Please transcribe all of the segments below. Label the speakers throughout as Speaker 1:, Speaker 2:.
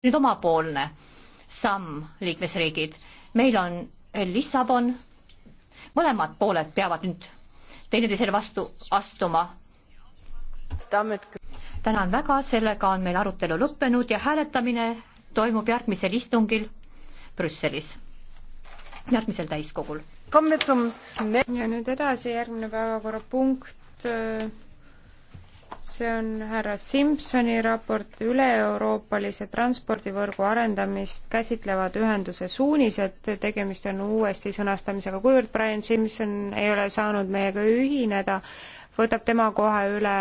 Speaker 1: nüüd omapoolne samm, liikmesriigid. meil on Lissabon, mõlemad pooled peavad nüüd teineteisele vastu astuma. tänan väga, sellega on meil arutelu lõppenud ja hääletamine toimub järgmisel istungil Brüsselis, järgmisel täiskogul.
Speaker 2: ja nüüd edasi, järgmine päevakorrapunkt äh, see on härra Simsoni raport üle-euroopalise transpordivõrgu arendamist käsitlevad ühenduse suunised, tegemist on uuesti sõnastamisega, kuivõrd Brian Simson ei ole saanud meiega ühineda, võtab tema kohe üle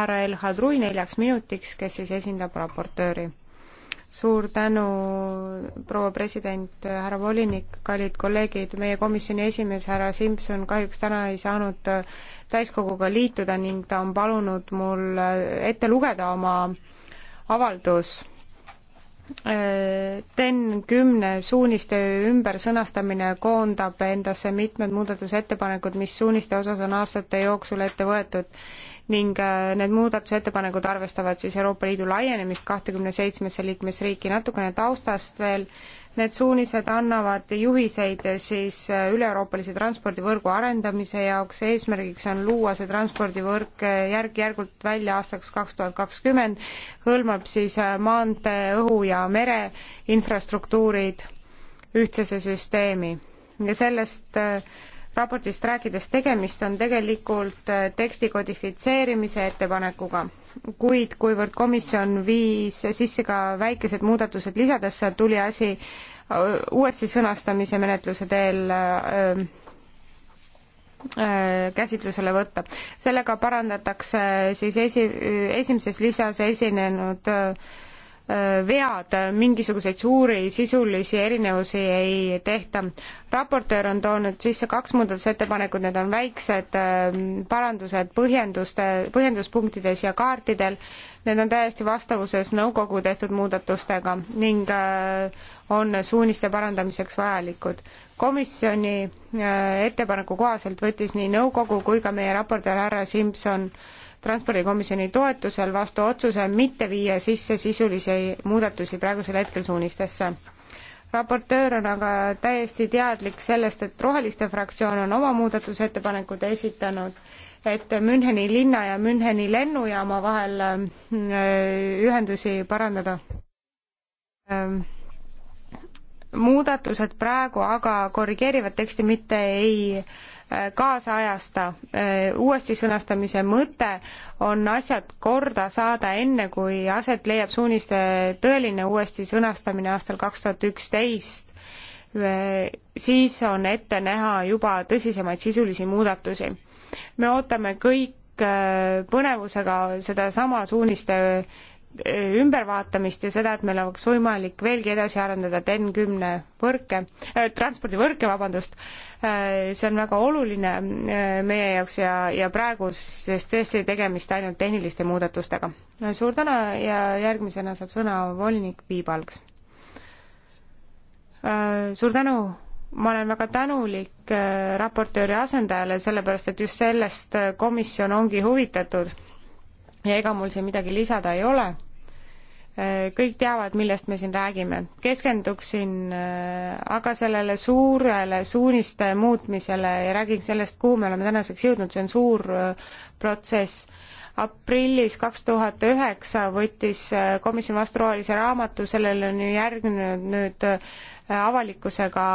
Speaker 2: härra El Hadrui neljaks minutiks, kes siis esindab raportööri suur tänu, proua president, härra volinik, kallid kolleegid, meie komisjoni esimees härra Simson kahjuks täna ei saanud täiskoguga liituda ning ta on palunud mul ette lugeda oma avaldus TEN kümne suuniste ümbersõnastamine koondab endasse mitmed muudatusettepanekud, mis suuniste osas on aastate jooksul ette võetud ning äh, need muudatusettepanekud arvestavad siis Euroopa Liidu laienemist kahtekümne seitsmesse liikmesriiki. natukene taustast veel, need suunised annavad juhiseid siis äh, üle-euroopalise transpordivõrgu arendamise jaoks, eesmärgiks on luua see transpordivõrk äh, järk-järgult välja aastaks kaks tuhat kakskümmend, hõlmab siis maantee, õhu ja mere infrastruktuurid ühtsesse süsteemi ja sellest raportist rääkides, tegemist on tegelikult äh, teksti kodifitseerimise ettepanekuga, kuid kuivõrd komisjon viis sisse ka väikesed muudatused lisadesse, tuli asi äh, uuesti sõnastamise menetluse teel öö, äh, käsitlusele võtta. sellega parandatakse siis esi, esimeses lisas esinenud öö, vead, mingisuguseid suuri sisulisi erinevusi ei tehta. raportöör on toonud sisse kaks muudatusettepanekut, need on väiksed ähm, parandused põhjenduste, põhjenduspunktides ja kaartidel. Need on täiesti vastavuses nõukogu tehtud muudatustega ning äh, on suuniste parandamiseks vajalikud. komisjoni äh, ettepaneku kohaselt võttis nii nõukogu kui ka meie raportöör härra Simson transpordikomisjoni toetusel vastu otsuse mitte viia sisse sisulisi muudatusi praegusel hetkel suunistesse. raportöör on aga täiesti teadlik sellest, et Roheliste fraktsioon on oma muudatusettepanekud esitanud, et Müncheni linna ja Müncheni lennujaama vahel äh, ühendusi parandada ähm, muudatused praegu aga korrigeerivad teksti, mitte ei äh, kaasajasta. Äh, uuesti sõnastamise mõte on asjad korda saada enne, kui aset leiab suuniste tõeline uuesti sõnastamine aastal kaks tuhat üksteist. Äh, siis on ette näha juba tõsisemaid sisulisi muudatusi. me ootame kõik põnevusega sedasama suuniste ümbervaatamist ja seda, et meil oleks võimalik veelgi edasi arendada TEN kümne võrke äh,, transpordivõrke, vabandust äh,, see on väga oluline äh, meie jaoks ja, ja praegu, sest tõesti tegemist ainult tehniliste muudatustega. suur tänu ja järgmisena saab sõna volinik Piibalgs. Äh, suur tänu, ma olen väga tänulik äh, raportööri asendajale, sellepärast et just sellest äh, komisjon ongi huvitatud ja ega mul siin midagi lisada ei ole Äh, kõik teavad, millest me siin räägime. keskenduksin äh, aga sellele suurele suuniste muutmisele ja räägin sellest, kuhu me oleme tänaseks jõudnud, see on suur äh, protsess. aprillis kaks tuhat üheksa võttis komisjon vastu rohelise raamatu, sellele on ju järgnenud nüüd avalikkusega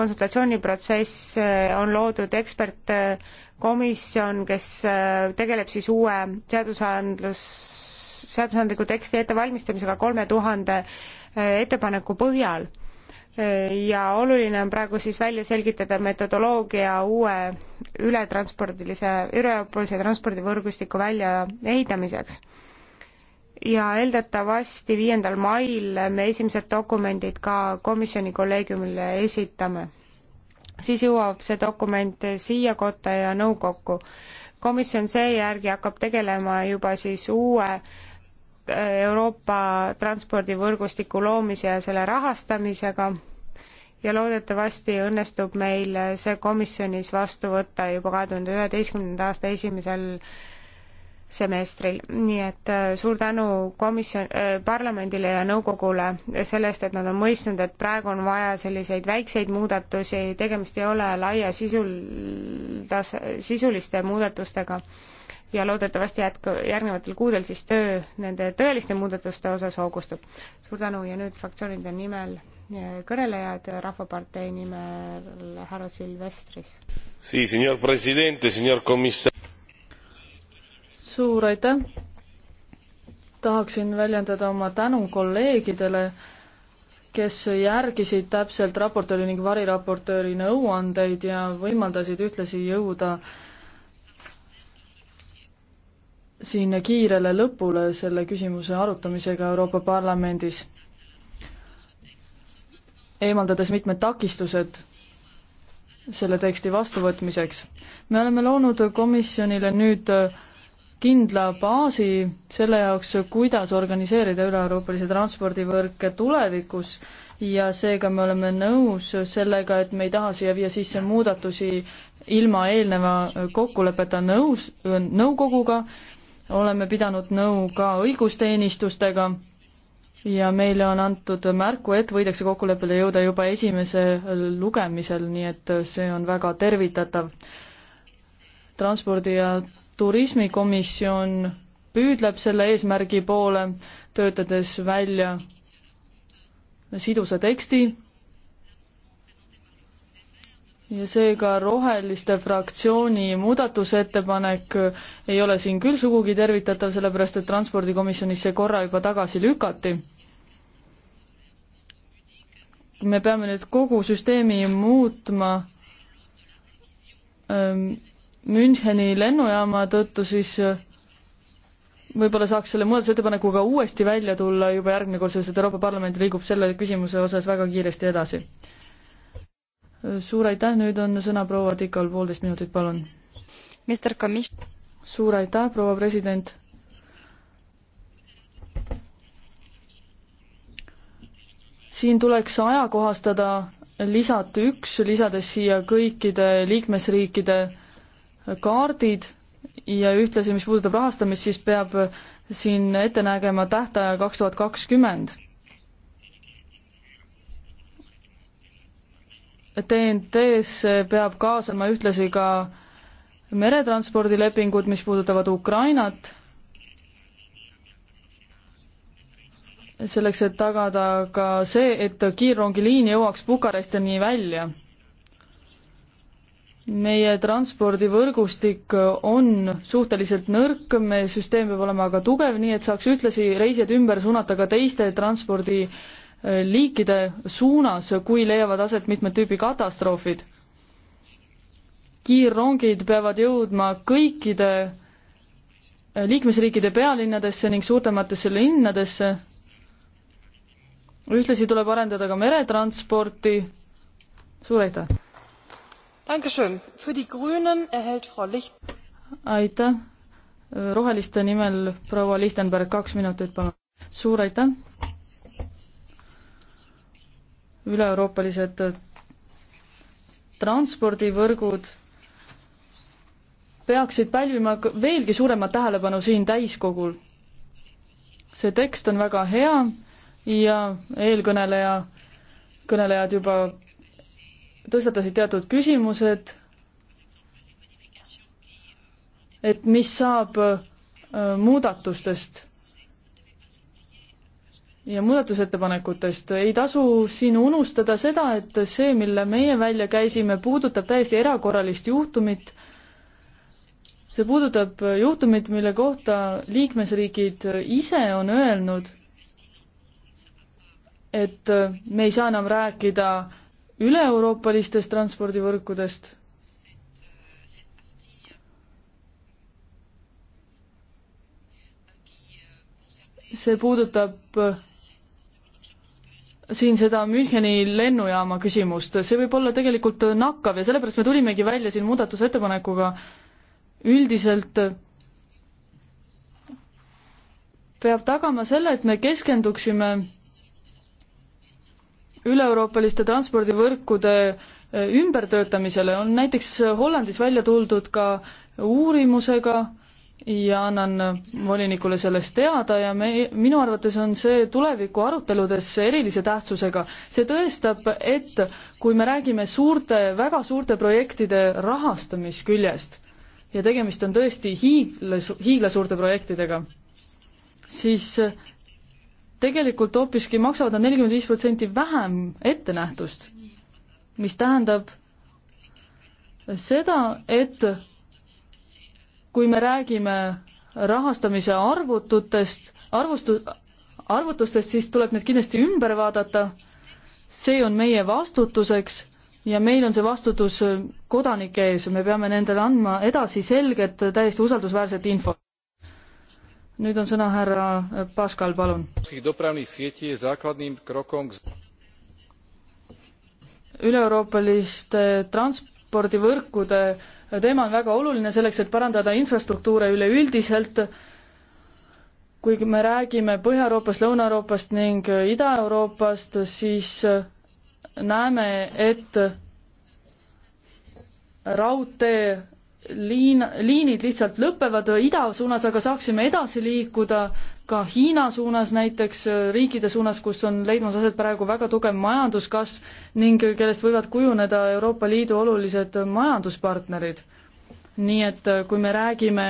Speaker 2: konsultatsiooniprotsess, on loodud ekspert komisjon, kes tegeleb siis uue seadusandlus seadusandliku teksti ettevalmistamisega kolme tuhande äh, ettepaneku põhjal. Äh, ja oluline on praegu siis välja selgitada metodoloogia uue ületranspordilise, üleeuroopalise transpordivõrgustiku väljaehitamiseks ja eeldatavasti viiendal mail me esimesed dokumendid ka komisjoni kolleegiumile esitame. siis jõuab see dokument siia kotta ja nõukokku. komisjon seejärgi hakkab tegelema juba siis uue Äh, Euroopa transpordivõrgustiku loomise ja selle rahastamisega ja loodetavasti õnnestub meil see komisjonis vastu võtta juba kahe tuhande üheteistkümnenda aasta esimesel semestril, nii et äh, suur tänu komisjon äh,, parlamendile ja nõukogule selle eest, et nad on mõistnud, et praegu on vaja selliseid väikseid muudatusi, tegemist ei ole laia sisul, sisuliste muudatustega ja loodetavasti jätku, järgnevatel kuudel siis töö nende tõeliste muudatuste osas hoogustub. suur tänu ja nüüd fraktsioonide nimel eh, kõnelejad, Rahvapartei nimel härra Silvestris.
Speaker 3: suur aitäh! tahaksin väljendada oma tänu kolleegidele, kes järgisid täpselt raportööri ning variraportööri nõuandeid ja võimaldasid ühtlasi jõuda äh, siin kiirele lõpule selle küsimuse arutamisega Euroopa Parlamendis, eemaldades mitmed takistused selle teksti vastuvõtmiseks. me oleme loonud komisjonile nüüd kindla baasi selle jaoks, kuidas organiseerida üle-euroopalisi transpordivõrke tulevikus ja seega me oleme nõus sellega, et me ei taha siia viia sisse muudatusi ilma eelneva kokkuleppeta nõus, nõukoguga oleme pidanud nõu ka õigusteenistustega ja meile on antud märku, et võidakse kokkuleppele jõuda juba esimesel lugemisel, nii et see on väga tervitatav. transpordi- ja turismikomisjon püüdleb selle eesmärgi poole, töötades välja sidusa teksti, ja seega Roheliste fraktsiooni muudatusettepanek ei ole siin küll sugugi tervitatav, sellepärast et transpordikomisjonis see korra juba tagasi lükati. me peame nüüd kogu süsteemi muutma ähm, Müncheni lennujaama tõttu, siis äh, võib-olla saaks selle muudatusettepanekuga uuesti välja tulla juba järgmine kord, sest et Euroopa Parlament liigub selle küsimuse osas väga kiiresti edasi suur aitäh, nüüd on sõna proua Tikal, poolteist minutit, palun. suur aitäh, proua president. siin tuleks ajakohastada lisad üks, lisades siia kõikide liikmesriikide kaardid ja ühtlasi, mis puudutab rahastamist, siis peab siin ette nägema tähtaja kaks tuhat kakskümmend TNT-sse peab kaasama ühtlasi ka meretranspordilepingud, mis puudutavad Ukrainat, selleks, et tagada ka see, et kiirrongiliin jõuaks Bukarestini välja. meie transpordivõrgustik on suhteliselt nõrk, meie süsteem peab olema aga tugev, nii et saaks ühtlasi reisijad ümber suunata ka teiste transpordi äh, liikide suunas, kui leiavad aset mitmed tüübi katastroofid. kiirrongid peavad jõudma kõikide eh, liikmesriikide pealinnadesse ning suurtematesse linnadesse. ühtlasi tuleb arendada ka meretransporti. suur aitäh! aitäh! roheliste nimel proua Lichtenberg, kaks minutit, palun. suur aitäh! üle-euroopalised transpordivõrgud peaksid pälvima veelgi suuremat tähelepanu siin täiskogul. see tekst on väga hea ja eelkõneleja, kõnelejad juba tõstatasid teatud küsimused, et mis saab äh, muudatustest ja muudatusettepanekutest, ei tasu siin unustada seda, et see, mille meie välja käisime, puudutab täiesti erakorralist juhtumit, see puudutab juhtumit, mille kohta liikmesriigid ise on öelnud, et me ei saa enam rääkida üle-euroopalistest transpordivõrkudest see puudutab siin seda Müncheni lennujaama küsimust, see võib olla tegelikult nakkav ja sellepärast me tulimegi välja siin muudatusettepanekuga üldiselt peab tagama selle, et me keskenduksime üle-euroopaliste transpordivõrkude äh, ümbertöötamisele, on näiteks Hollandis välja tuldud ka uurimusega, ja annan volinikule sellest teada ja me, minu arvates on see tuleviku aruteludes erilise tähtsusega. see tõestab, et kui me räägime suurte, väga suurte projektide rahastamisküljest ja tegemist on tõesti hiigla, hiiglasuurte projektidega, siis tegelikult hoopiski maksavad nad nelikümmend viis protsenti vähem ettenähtust, mis tähendab seda, et kui me räägime rahastamise arvututest, arvustu-, arvutustest, siis tuleb need kindlasti ümber vaadata, see on meie vastutuseks ja meil on see vastutus kodanike ees, me peame nendele andma edasi selget, täiesti usaldusväärset infot. nüüd on sõna härra Paskal, palun. üle-euroopaliste transpordivõrkude teema on väga oluline selleks, et parandada infrastruktuure üleüldiselt, kuigi me räägime Põhja-Euroopast, Lõuna-Euroopast ning Ida-Euroopast, siis näeme, et raudtee liin, liinid lihtsalt lõpevad ida suunas, aga saaksime edasi liikuda ka Hiina suunas näiteks, riikide suunas, kus on leidmas aset praegu väga tugev majanduskasv ning kellest võivad kujuneda Euroopa Liidu olulised majanduspartnerid. nii et äh, kui me räägime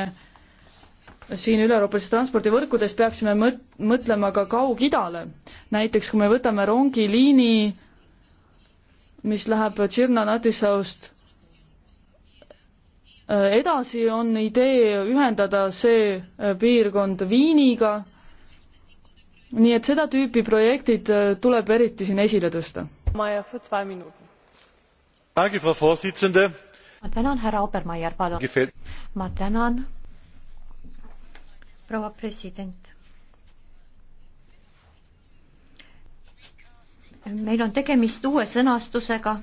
Speaker 3: siin üleeuroopalisest transpordivõrkudest, peaksime mõt-, mõtlema ka Kaug-Idale. näiteks kui me võtame rongiliini, mis läheb Tširnanatisaust Äh, edasi on idee ühendada see äh, piirkond Viiniga, nii et seda tüüpi projektid äh, tuleb eriti siin esile tõsta. ma
Speaker 1: tänan, härra Obermeier, palun. ma tänan, proua president. meil on tegemist uue sõnastusega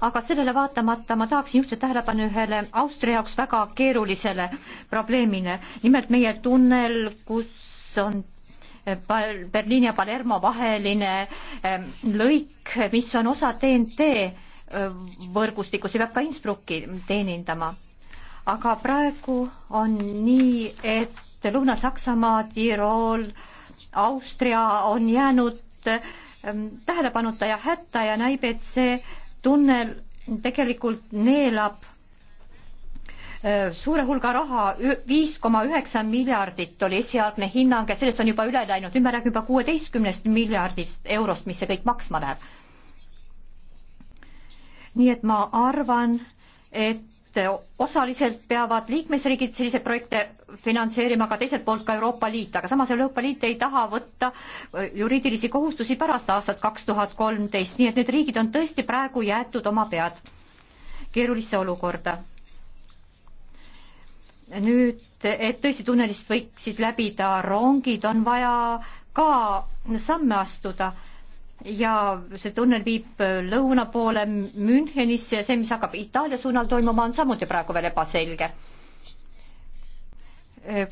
Speaker 1: aga sellele vaatamata ma tahaksin juhtida tähelepanu ühele Austria jaoks väga keerulisele probleemile, nimelt meie tunnel, kus on eh, Berliini ja Palermo vaheline eh, lõik, mis on osa TNT eh, võrgustikust ja peab ka Innsbrucki teenindama. aga praegu on nii, et Lõuna-Saksamaa, Tirool, Austria on jäänud tähelepanuta ja hätta ja näib, et see tunnel tegelikult neelab äh, suure hulga raha, viis koma üheksa miljardit oli esialgne hinnang ja sellest on juba üle läinud, nüüd me räägime juba kuueteistkümnest miljardist eurost, mis see kõik maksma läheb. nii et ma arvan, et et osaliselt peavad liikmesriigid selliseid projekte finantseerima, aga teiselt poolt ka Euroopa Liit, aga samas Euroopa Liit ei taha võtta äh, juriidilisi kohustusi pärast aastat kaks tuhat kolmteist, nii et need riigid on tõesti praegu jäetud oma pead keerulisse olukorda. nüüd, et tõesti tunnelist võiksid läbida rongid, on vaja ka samme astuda ja see tunnel viib lõuna poole Münchenisse ja see, mis hakkab Itaalia suunal toimuma, on samuti praegu veel ebaselge.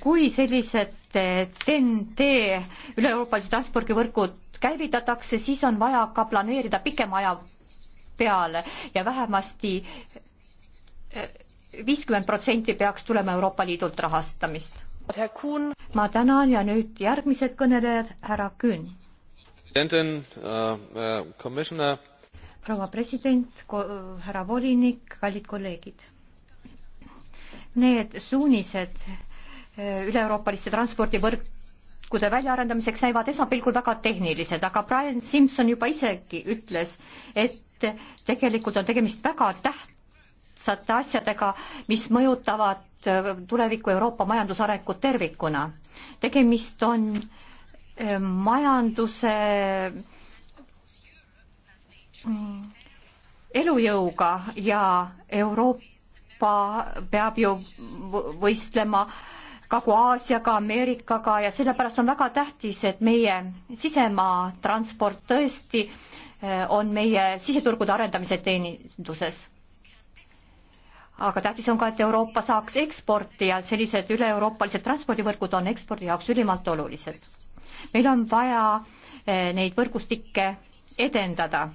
Speaker 1: kui sellised TNT üle-euroopalised transpordivõrgud käivitatakse, siis on vaja ka planeerida pikema aja peale ja vähemasti eh, viiskümmend protsenti peaks tulema Euroopa Liidult rahastamist. ma tänan ja nüüd järgmised kõnelejad, härra Küün Äh, äh, proua president, härra volinik, kallid kolleegid. Need suunised äh, üle-euroopaliste transpordivõrkude väljaarendamiseks näivad esmapilgul väga tehnilised, aga Brian Simson juba isegi ütles, et tegelikult on tegemist väga tähtsate asjadega, mis mõjutavad tuleviku Euroopa majandusarengut tervikuna. tegemist on äh, majanduse mm, elujõuga ja Euroopa peab ju võistlema Kagu-Aasiaga, Ameerikaga ja sellepärast on väga tähtis, et meie sisemaa transport tõesti eh, on meie siseturgude arendamise teeninduses aga tähtis on ka, et Euroopa saaks eksporti ja sellised üle-euroopalised transpordivõrgud on ekspordi jaoks ülimalt olulised meil on vaja eh, neid võrgustikke edendada.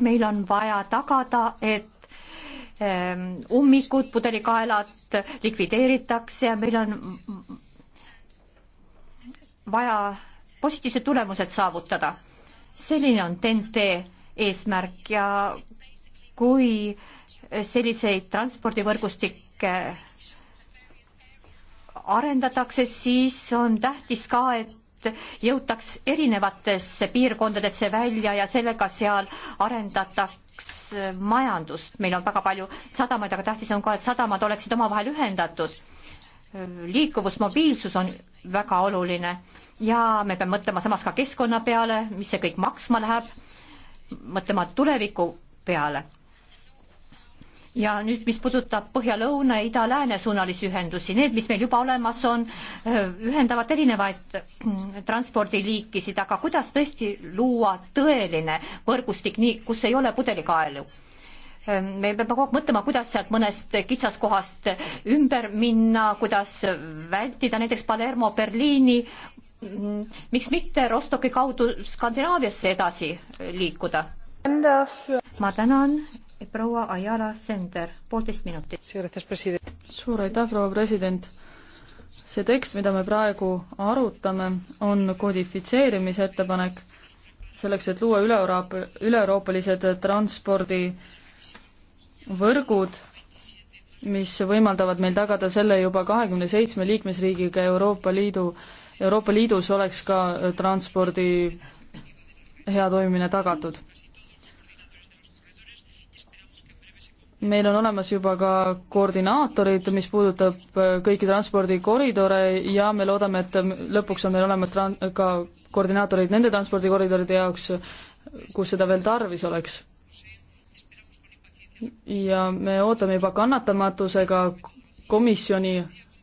Speaker 1: meil on vaja tagada, et ehm, ummikud, pudelikaelad likvideeritakse ja meil on vaja positiivsed tulemused saavutada. selline on TNT eesmärk ja kui selliseid transpordivõrgustikke arendatakse, siis on tähtis ka, et jõutaks erinevatesse piirkondadesse välja ja sellega seal arendataks majandust, meil on väga palju sadamaid, aga tähtis on ka, et sadamad oleksid omavahel ühendatud. liikuvus, mobiilsus on väga oluline ja me peame mõtlema samas ka keskkonna peale, mis see kõik maksma läheb, mõtlema tuleviku peale ja nüüd, mis puudutab põhja-lõuna, ida-lääne suunalisi ühendusi, need, mis meil juba olemas on, äh, ühendavad erinevaid äh, transpordiliikisid, aga kuidas tõesti luua tõeline võrgustik, nii, kus ei ole pudelikaelu? Äh, me peame kogu aeg mõtlema, kuidas sealt mõnest kitsaskohast ümber minna, kuidas vältida näiteks Palermo, Berliini, mm, miks mitte Rostoki kaudu Skandinaaviasse edasi liikuda? ma tänan proua Ayala Sender, poolteist minutit. suur aitäh, proua president! see
Speaker 3: tekst, mida me praegu arutame, on kodifitseerimise ettepanek selleks, et luua üle-Euroopa, üle-euroopalised transpordivõrgud, mis võimaldavad meil tagada selle juba kahekümne seitsme liikmesriigiga Euroopa Liidu, Euroopa Liidus oleks ka transpordi hea toimimine tagatud meil on olemas juba ka koordinaatorid, mis puudutab äh, kõiki transpordikoridore ja me loodame, et ähm, lõpuks on meil olemas tran-, ka koordinaatorid nende transpordikoridoride jaoks, kus seda veel tarvis oleks. ja me ootame juba kannatamatusega komisjoni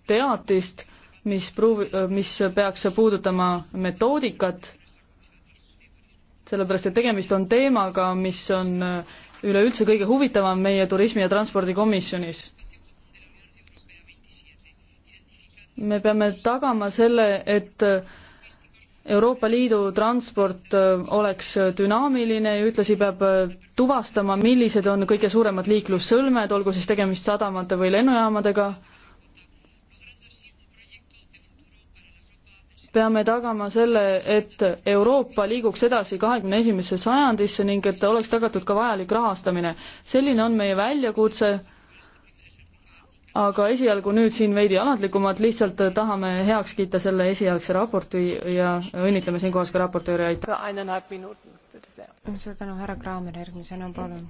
Speaker 3: teatist, mis pruuvi-, äh, mis peaks puudutama metoodikat, sellepärast et tegemist on teemaga, mis on äh, üleüldse kõige huvitavam meie turismi- ja transpordikomisjonis. me peame tagama selle, et Euroopa Liidu transport äh, oleks äh, dünaamiline ja ühtlasi peab äh, tuvastama, millised on kõige suuremad liiklussõlmed, olgu siis tegemist sadamate või lennujaamadega peame tagama selle, et Euroopa liiguks edasi kahekümne esimesse sajandisse ning et oleks tagatud ka vajalik rahastamine. selline on meie väljakutse, aga esialgu nüüd siin veidi alandlikumalt, lihtsalt tahame heaks kiita selle esialgse raporti ja õnnitleme siinkohas ka raportööri,
Speaker 2: aitäh! suur tänu, härra Kraamer, järgmisena palun.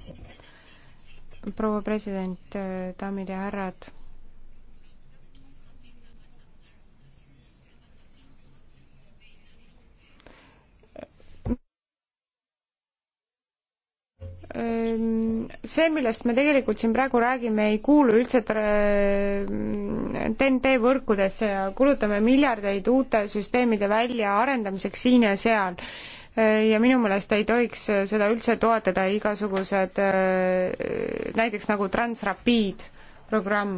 Speaker 2: proua president, daamid ja härrad see, millest me tegelikult siin praegu räägime, ei kuulu üldse TNT võrkudesse ja kulutame miljardeid uute süsteemide väljaarendamiseks siin ja seal. ja minu meelest ei tohiks seda üldse toetada igasugused, näiteks nagu Transrapid programm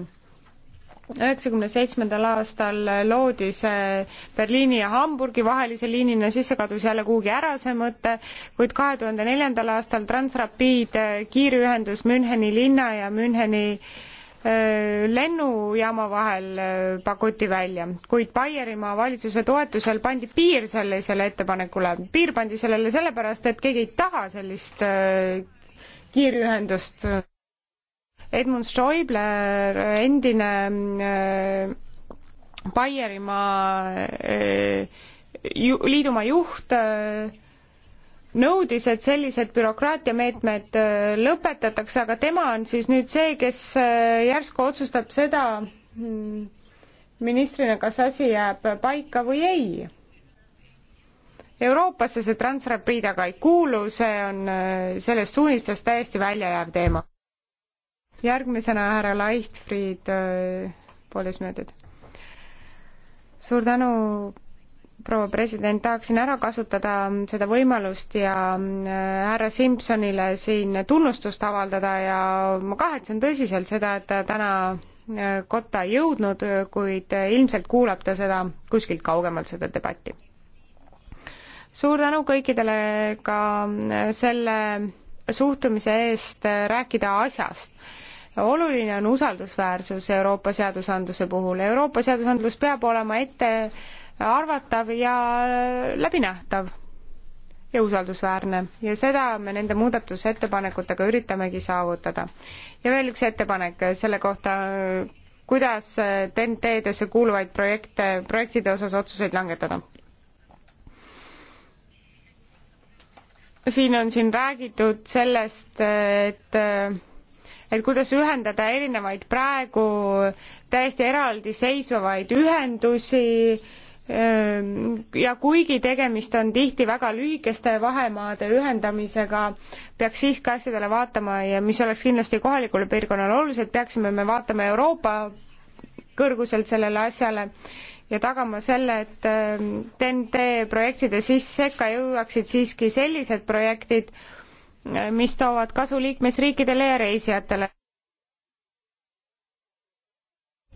Speaker 2: üheksakümne seitsmendal aastal loodi see Berliini ja Hamburgi vahelise liinina, siis see kadus jälle kuhugi ära, see mõte, kuid kahe tuhande neljandal aastal Transrapid kiirühendus Müncheni linna ja Müncheni lennujaama vahel pakuti välja, kuid Baierimaa valitsuse toetusel pandi piir sellisele ettepanekule. piir pandi sellele sellepärast, et keegi ei taha sellist kiirühendust Edmund Stoibler, endine äh, Baierimaa äh, ju, liidumaa juht äh, nõudis, et sellised bürokraatiameetmed lõpetatakse, aga tema on siis nüüd see, kes järsku otsustab seda mm, ministrina, kas asi jääb paika või ei. Euroopasse see Transrapiid aga ei kuulu, see on sellest suunistest täiesti välja jääv teema järgmisena härra Leichtfried, äh, poolteist minutit. suur tänu, proua president, tahaksin ära kasutada seda võimalust ja äh, härra Simsonile siin tunnustust avaldada ja ma kahetsen tõsiselt seda, et ta täna äh, kotta ei jõudnud, kuid ilmselt kuulab ta seda kuskilt kaugemalt, seda debatti. suur tänu kõikidele ka selle suhtumise eest rääkida asjast. oluline on usaldusväärsus Euroopa seadusandluse puhul, Euroopa seadusandlus peab olema ettearvatav ja läbinähtav ja usaldusväärne ja seda me nende muudatusettepanekutega üritamegi saavutada. ja veel üks ettepanek selle kohta, kuidas TNT-desse kuuluvaid projekte, projektide osas otsuseid langetada siin on siin räägitud sellest, et et kuidas ühendada erinevaid praegu täiesti eraldiseisvaid ühendusi ähm, ja kuigi tegemist on tihti väga lühikeste vahemaade ühendamisega, peaks siiski asjadele vaatama ja mis oleks kindlasti kohalikule piirkonnale olulised, peaksime me vaatama Euroopa kõrguselt sellele asjale ja tagama selle, et TNT ähm, projektide sisse sekka jõuaksid siiski sellised projektid, äh, mis toovad kasu liikmesriikidele ja reisijatele.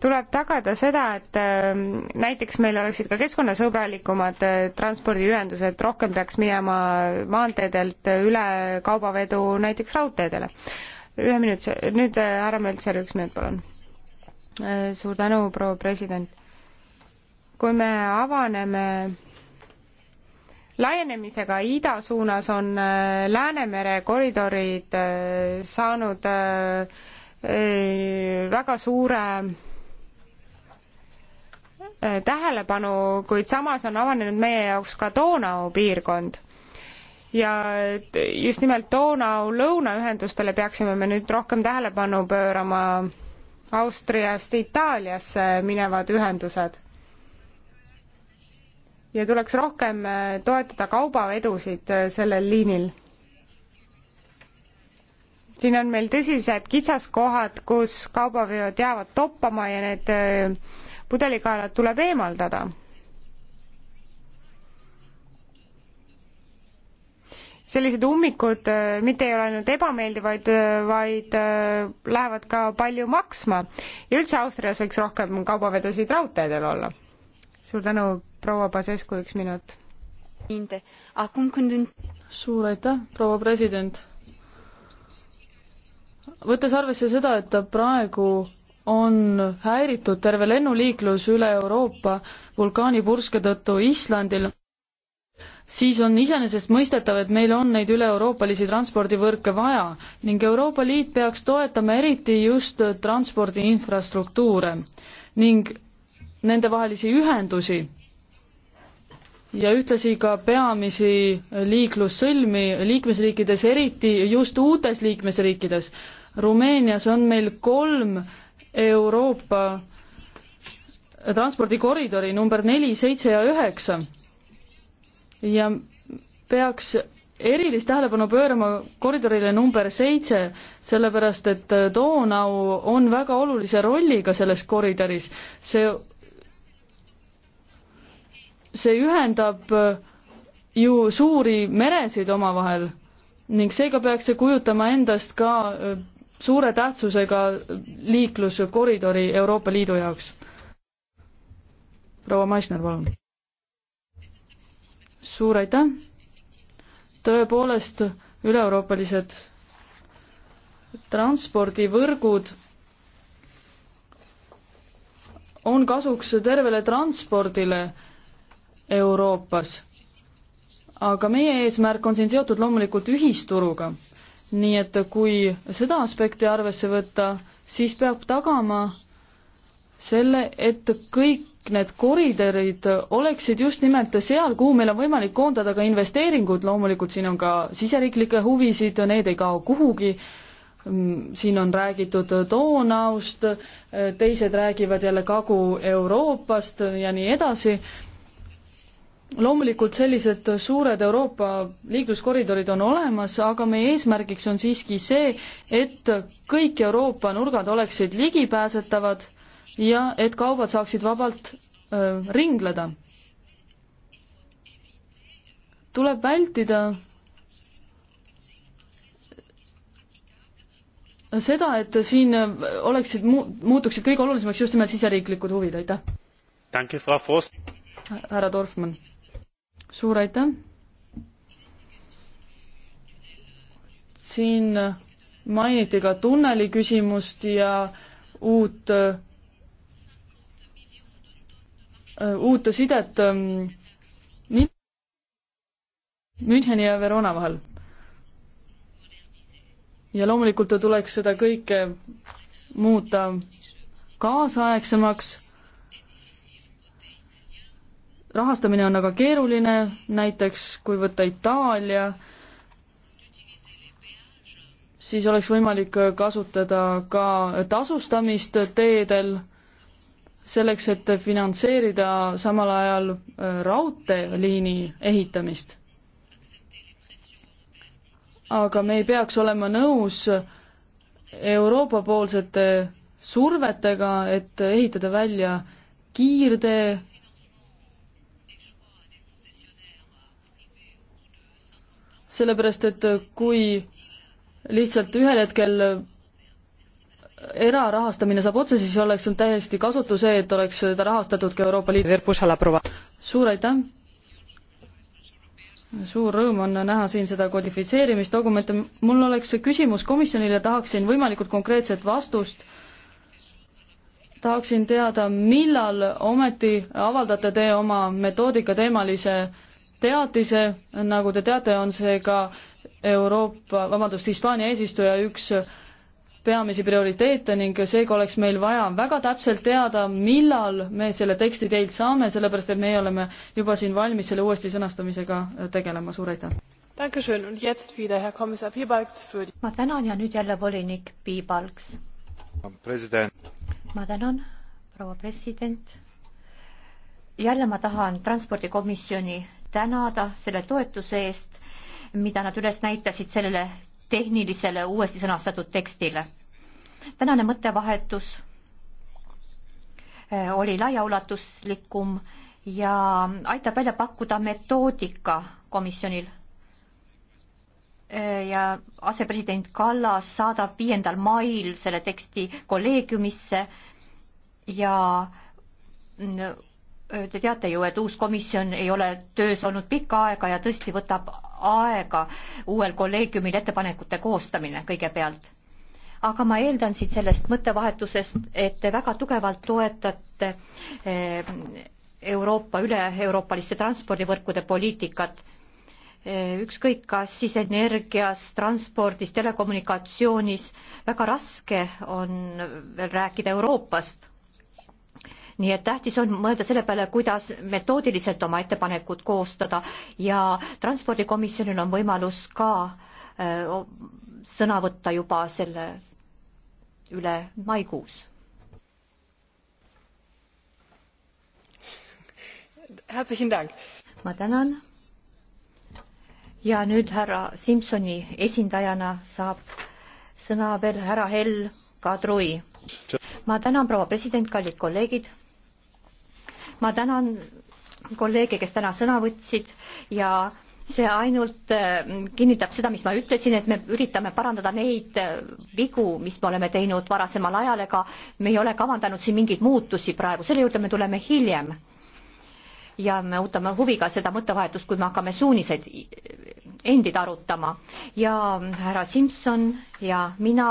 Speaker 2: tuleb tagada seda, et ähm, näiteks meil oleksid ka keskkonnasõbralikumad äh, transpordiühendused, rohkem peaks minema maanteedelt üle kaubavedu näiteks raudteedele. ühe minuti, nüüd äh, härra Meltser, üks minut, palun. suur tänu, proua president kui me avaneme laienemisega ida suunas on äh, Läänemere koridorid äh, saanud äh, väga suure tähelepanu, kuid samas on avanenud meie jaoks ka Donau piirkond. ja just nimelt Donau lõunaühendustele peaksime me nüüd rohkem tähelepanu pöörama Austriast Itaaliasse minevad ühendused ja tuleks rohkem äh, toetada kaubavedusid äh, sellel liinil. siin on meil tõsised kitsaskohad, kus kaubaveod jäävad toppama ja need äh, pudelikaelad tuleb eemaldada. sellised ummikud mitte ei ole ainult ebameeldivad, vaid lähevad ka palju maksma ja üldse Austrias võiks rohkem kaubavedusid raudteedel olla suur tänu, proua Pasescu, üks minut.
Speaker 1: suur
Speaker 3: aitäh, proua president. võttes arvesse seda, et praegu on häiritud terve lennuliiklus üle Euroopa vulkaanipurske tõttu Islandil, siis on iseenesestmõistetav, et meil on neid üle-euroopalisi transpordivõrke vaja ning Euroopa Liit peaks toetama eriti just transpordi infrastruktuure ning nendevahelisi ühendusi ja ühtlasi ka peamisi liiklussõlmi liikmesriikides, eriti just uutes liikmesriikides. Rumeenias on meil kolm Euroopa transpordikoridori number neli, seitse ja üheksa. ja peaks erilist tähelepanu pöörama koridorile number seitse, sellepärast et Donau on väga olulise rolliga selles koridoris. see see ühendab äh, ju suuri meresid omavahel ning seega peaks see kujutama endast ka äh, suure tähtsusega liikluskoridori Euroopa Liidu jaoks. proua Maisner, palun. suur aitäh. tõepoolest, üle-euroopalised transpordivõrgud on kasuks tervele transpordile Euroopas. aga meie eesmärk on siin seotud loomulikult ühisturuga. nii et kui seda aspekti arvesse võtta, siis peab tagama selle, et kõik need koridorid oleksid just nimelt seal, kuhu meil on võimalik koondada ka investeeringud, loomulikult siin on ka siseriiklikke huvisid, need ei kao kuhugi, mm, siin on räägitud Donaust, teised räägivad jälle Kagu-Euroopast ja nii edasi loomulikult sellised suured Euroopa liikluskoridorid on olemas, aga meie eesmärgiks on siiski see, et kõik Euroopa nurgad oleksid ligipääsetavad ja et kaubad saaksid vabalt öö, ringleda. tuleb vältida seda, et siin oleksid mu-, muutuksid kõige olulisemaks just nimelt siseriiklikud huvid, aitäh! härra Dorfmann suur aitäh! siin mainiti ka tunneli küsimust ja uut, äh, uut sidet ähm, Müncheni ja Verona vahel. ja loomulikult tuleks seda kõike muuta kaasaegsemaks rahastamine on aga keeruline, näiteks kui võtta Itaalia, siis oleks võimalik kasutada ka tasustamist teedel, selleks et finantseerida samal ajal äh, raudteeliini ehitamist. aga me ei peaks olema nõus Euroopa-poolsete survetega, et ehitada välja kiirtee sellepärast et kui lihtsalt ühel hetkel erarahastamine saab otsa, siis oleks seal täiesti kasutu see, et oleks seda rahastatud ka Euroopa Liidu. suur aitäh! suur rõõm on näha siin seda kodifitseerimisdokumente, mul oleks küsimus komisjonile, tahaksin võimalikult konkreetset vastust, tahaksin teada, millal ometi avaldate te oma metoodika teemalise teatise, nagu te teate, on see ka Euroopa, vabandust, Hispaania eesistuja üks peamisi prioriteete ning seega oleks meil vaja väga täpselt teada, millal me selle teksti teilt saame, sellepärast et meie oleme juba siin valmis selle uuesti sõnastamisega tegelema, suur aitäh!
Speaker 1: ma tänan ja nüüd jälle volinik Piibalks. ma tänan, proua president. jälle ma tahan transpordikomisjoni tänada selle toetuse eest, mida nad üles näitasid sellele tehnilisele uuesti sõnastatud tekstile. tänane mõttevahetus eh, oli laiaulatuslikum ja aitab välja pakkuda metoodika komisjonil. Eh, ja asepresident Kallas saadab viiendal mail selle teksti kolleegiumisse ja mm, Te teate ju, et uus komisjon ei ole töös olnud pikka aega ja tõesti võtab aega uuel kolleegiumil ettepanekute koostamine kõigepealt. aga ma eeldan siit sellest mõttevahetusest, et te väga tugevalt toetate eh, Euroopa üle-euroopaliste transpordivõrkude poliitikat eh, ükskõik kas siis energias, transpordis, telekommunikatsioonis, väga raske on veel rääkida Euroopast nii et tähtis on mõelda selle peale, kuidas metoodiliselt oma ettepanekud koostada ja transpordikomisjonil on võimalus ka öö, äh, sõna võtta juba selle üle maikuus. ma tänan. ja nüüd härra Simsoni esindajana saab sõna veel härra Hell Kadri. ma tänan, proua president, kallid kolleegid ma tänan kolleege, kes täna sõna võtsid ja see ainult äh, kinnitab seda, mis ma ütlesin, et me üritame parandada neid äh, vigu, mis me oleme teinud varasemal ajal, ega me ei ole kavandanud siin mingeid muutusi praegu, selle juurde me tuleme hiljem. ja me ootame huviga seda mõttevahetust, kui me hakkame suuniseid äh, endid arutama ja härra Simson ja mina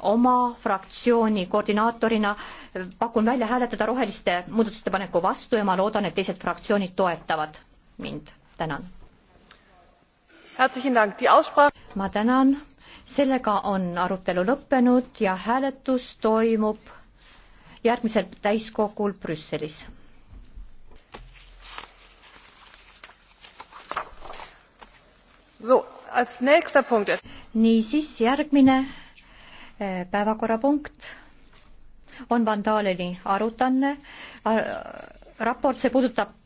Speaker 1: oma fraktsiooni koordinaatorina äh, pakun välja hääletada roheliste muudatusettepaneku vastu ja ma loodan, et teised fraktsioonid toetavad mind. tänan. ma tänan, sellega on arutelu lõppenud ja hääletus toimub järgmisel täiskogul Brüsselis. niisiis järgmine eh, päevakorrapunkt on vandaalini arutanne. raport, see puudutab